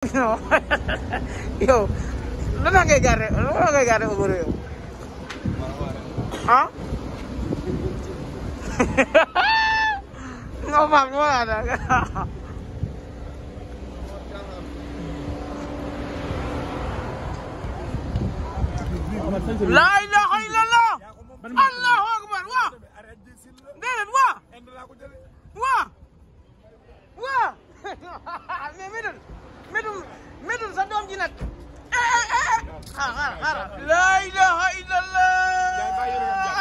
yow lan la ngay garder lan la ngay garder Uber yow ah. nga faam nga wala dara. laa ilaaha illallah allahu akbar waa déedéet waa waa waa métul métul sa doom ji nag xaaral xaaral laa ilaha illallah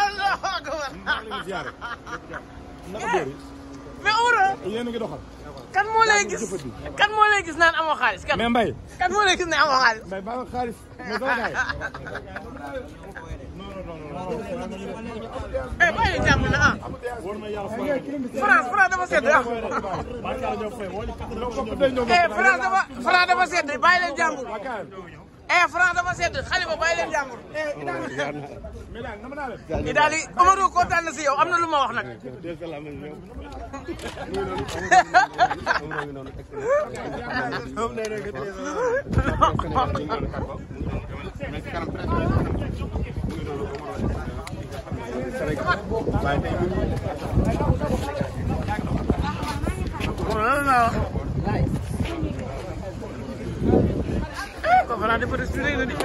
allahu akbar eh, mais Omar yéen a ngi doxal kan moo lay gis kan moo lay gis naan amoo xaalis kan mais Mbaye kan moo lay gis ne amoo xaalis Mbaye ba xaalis eh bàyyi jàmm na ah France France dafa sedd ah eh France dafa France dafa sedd bàyyi leen jàmbur eh France dafa sedd Xalifa bàyyi leen jàmbur i daal di Amadou kontaan na si yow am na lu ma wax nag Kok kalau ada pada sendiri tadi?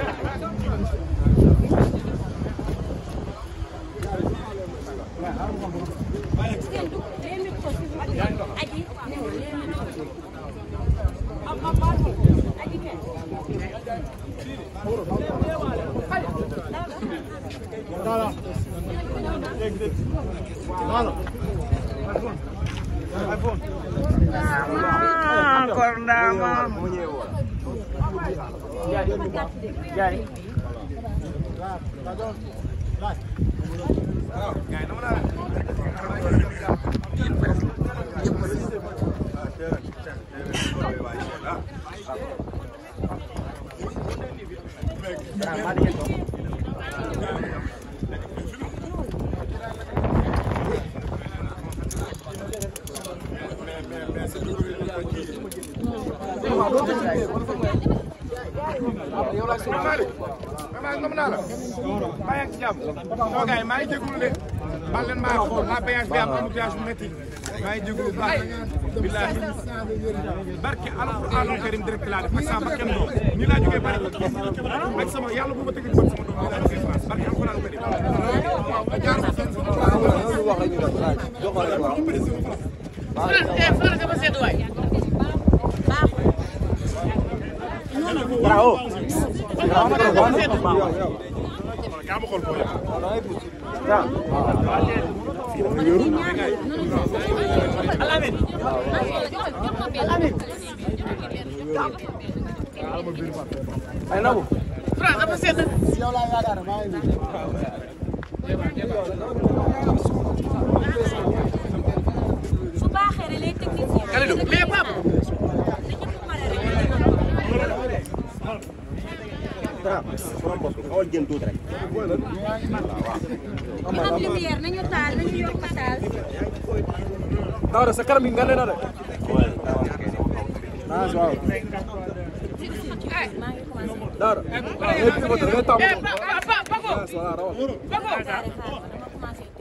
Ayo, Kondama. Jadi. Jadi. maa ngi jégalu de baal leen maa xool maa péage bi am embouteillage bu métti maa ngi jégalu baax billahi barke alxuraan karim direct laa def ak sama bakkan doom ñu laa jógee bari ak sama yàlla bu ma tëgg sama doom ñu laa jógee bari barke alxuraan karim waaw jaar ko seen bravo ay nabu France dafa sedd yow laa yaakaar maa ngi bi xawal jën rek. waaw lumière nañu taal nañu yokk taal. Daara sa kanam gi nga ne na de. ah waaw. Daara.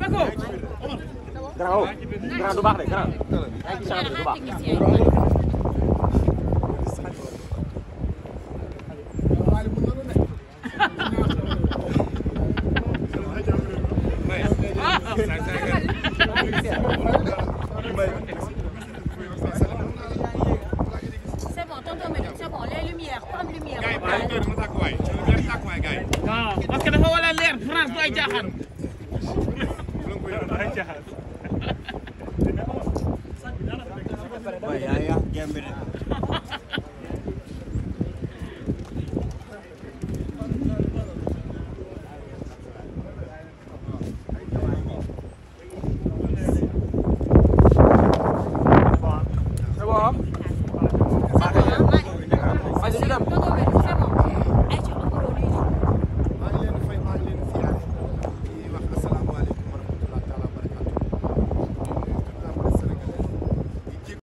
Paco. Grand du baax de grand. C'est bon, tonton Médoune, c'est bon, les lumières, prends lumière. waaw parce que dafa war a leer France du ay caaxaan. waaw yaa yaa